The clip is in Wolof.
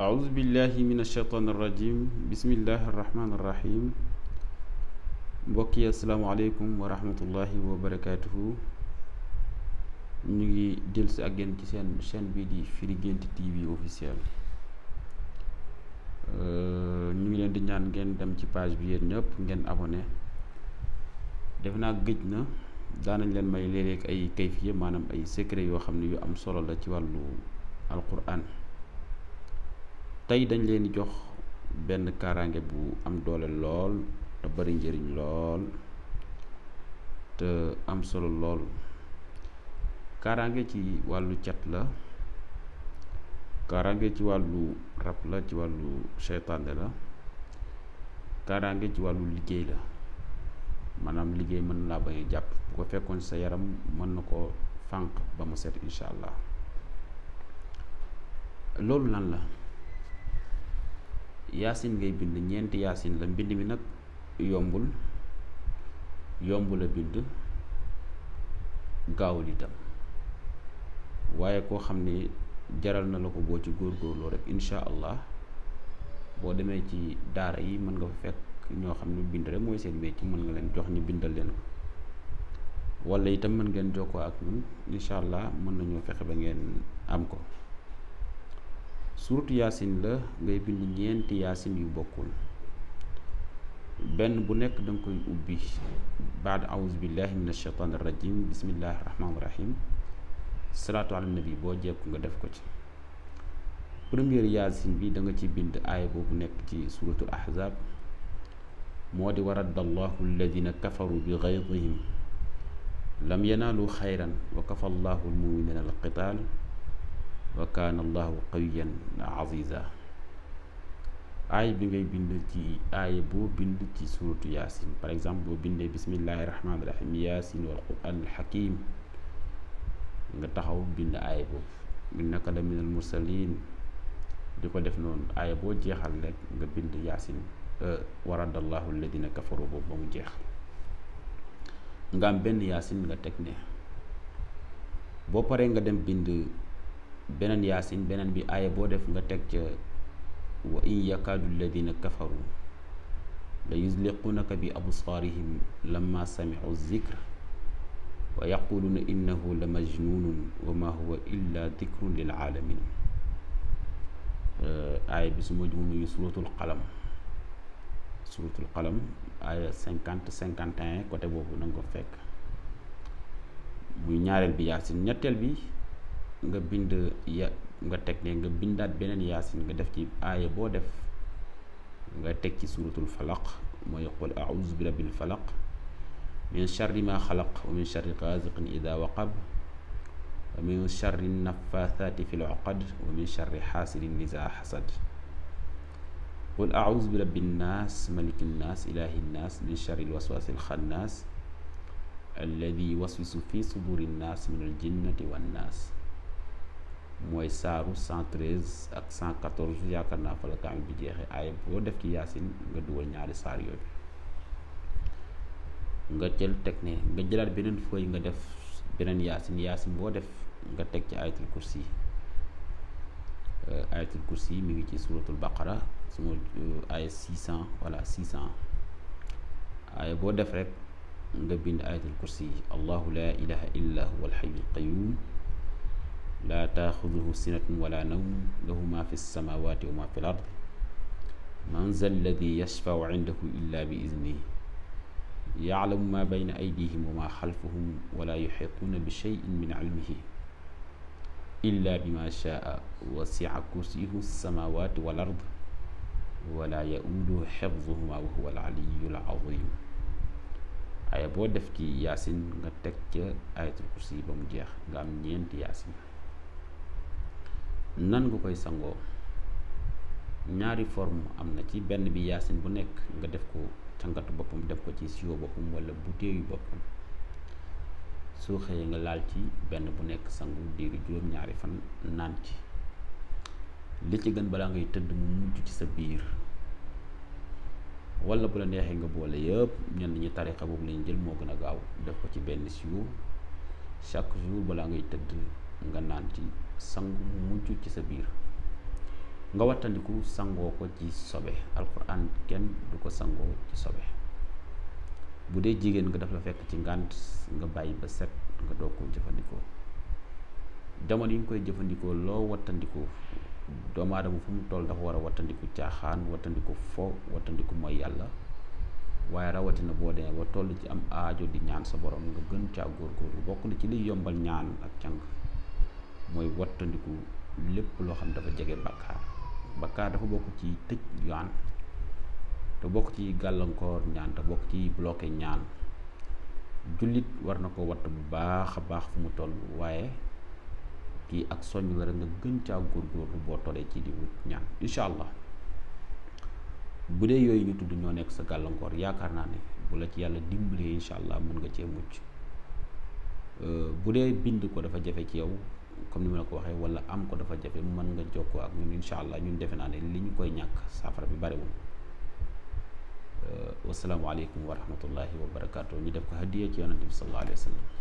أعوذ بالله من الشيطان الرجيم بسم الله الرحمن الرحيم mbokk yi asalaamaaleykum wa rahmatullahi wa barakaatuhu ñu ngi dellusi ak yéen ci seen chaîne bi di Firi Guent TV officiel euh, ñu ngi leen di ñaan ngeen dem ci page bi yéen ñëpp ngeen abonné defe naa gëj na daanañ leen may léeg-léeg ay kayfiye maanaam ay secret yoo xam ne yu am solo la ci wàllu alquran tey dañ leen di jox benn kaaraange bu am doole lool te bari njëriñ lool te am solo lool kaaraange ci wàllu cat la kaaraange ci wàllu rab la ci wàllu seytaane la kaaraange ci wàllu liggéey la maanaam liggéey mën laa bañ a jàpp bu ko fekkoon sa yaram mën na koo fànq ba mu set incha allah loolu lan la yaasin ngay bind ñeenti yaasin la mbind mi nag yombul yombul a bind gaawul itam waaye koo xam ne jaral na la ko boo ci góorgóorloo rek incha allah boo demee ci daara yi mën nga fa fekk ñoo xam ne bind rek mooy seen métier mën nga leen jox ñu bindal leen ko wala itam mën ngeen jox ko ak ñun incha allah mën nañoo fexe ba ngeen am ko suratu yaasin la ngay bind ñeenti yaasin yu bokkul benn bu nekk danga koy ubbi baad awuz billahi min ashaitan irrajim bismillahi rahmaani rahim salaatu ala nabi boo jekku nga def ko ci première yaasin bi danga ci bind aaya boobu nekk ci suratul ahzab moo di wa radda allahu alladina kafaru bi gaydihim lam yanaalu xayran wa kafa allahu almuminina alqital wa kaana allahu qawiyan aziza aay bi ngay bind ci aaya boo bind ci suuratu yaasin par exemple boo bindee bismillahi rahmaani rahim yaasin wal quraan al nga taxaw bind aaya boobu innaka la minal mursaliin di ko def noonu aaya boo jeexal rek nga bind yaasin euh, waradallahu alladina kafaru boobu ba mu jeex nga am benn yaasin nga teg ne boo paree nga dem bind beneen yaasin beneen bi aaya boo def nga teg ca wa in yakaadu alladina kafaru la yuzliqunaka bi absaarihim lamma samicu zikr wa yaquluuna innahu la majnunun wa ma huwa illa dikrun lil aalamin aaya bi su ma juum muy suratul qalam suratul qalam aaya cinquante cinquante et un côté boobu na ko fekk muy ñaareel bi yaasin ñetteel bi nga bind ya nga teg ne nga bindaat beneen yaasin nga def ci aaya boo def nga teg ci suuratul falaq mooy qul auzu bi rabbil falaq min charri ma xalaq wa min charri qaasiqin ida waqab wa min charri nafaasaati fi loqad wa min charri xasad qul auzu bi rabbi nnaas maliki ilaahi nnaas min charri lwaswaasi alxannaas alladi yuwaswisu fi suduri nnaas min aljinnati wannaas mooy saaru 113 ak 114 yaakaar naa fa la kaamil bi jeexee aaya boo def ci yaasin nga dugal ñaari saar yooyu nga jël teg ne nga jëlaat beneen fooy nga def beneen yaasin yaasin boo def nga teg ci ayatul kursi euh, ayatul kursi mi ngi ci suratul baqara su ma aaya 600 wala 600 aaya boo def rek nga bind ayatul kursi allahu la ilaha illa huwa alhayyul qayyum laa taaxuduhu sinatun wala nawm lahu ma fi samawati wa ma fi l ard man za alladi yashfau indahu illa bi idnihi yaalamu ma bayna aydihim wa ma xalfahum wala yuxituuna bi cheyin min ilmihi illa bima shaa wasia kursiyu samawati wal ard wala yauduhu xifduhuma wa huwa al aliyu al azim aaya boo def ci yaasin nga teg ca ayatul kursi ba mu jeex nga am ñeenti yaasin nan ko koy sangoo ñaari forme am na ci benn bi yaasin bu nekk nga def ko cangatu boppam def ko ci siwo boppam wala butéeyu boppam soo xëyee nga laal ci benn bu nekk sangu diiru juróom-ñaari fan naan ci li ci gën balaa ngay tëdd mu mujj ci sa biir wala bu la neexee nga boole yëpp ñenn ñi tarixa boobu lañ jël moo gën a gaaw def ko ci benn siwo chaque jour balaa ngay tëdd nga naan ci sangu mu mujj ci sa biir nga wattandiku sangoo ko ci sobe alquran kenn du ko sangoo ci sobe bu dee jigéen nga daf la fekk ci ngant nga bàyyi ba set nga doog ko jëfandikoo jamono yi nga koy jëfandikoo loo wattandiku doomu aadama fu mu toll dafa war a wattandiku caaxaan wattandiku fo wattandiku mooy yàlla waaye rawatina boo demee ba toll ci am aajo di ñaan sa boroom nga gën caa góorgóorlu bokk na ci liy yombal ñaan ak càng mooy wattandiku lépp loo xam dafa jege bakkaar bakkaar dafa bokk ci tëj ñaan te bokk ci gàllankoor ñaan te bokk ci bloqué ñaan jullit war na ko watt bu baax a baax fu mu toll waaye kii ak soññ la rek nga gën caa góorgóorlu boo tollee ci di wut ñaan incha allah bu dee yooyu ñu tudd ñoo nekk sa gàllankoor yaakaar naa ne bu la ci yàlla dimbalee incha allah mën nga cee mucc bu dee bind ko dafa jafe ci yow comme ni ma la ko waxee wala am ko dafa jafe mën nga jokkoo ak ñun incha allah ñun defe naa ne li ñu koy ñàkk saafara bi bariwul euh, wasalaamualeykum wa rahmatullahi wa barakaatu ñu def ko hadiya ci yonante bi sallallahu alayhi wa sallam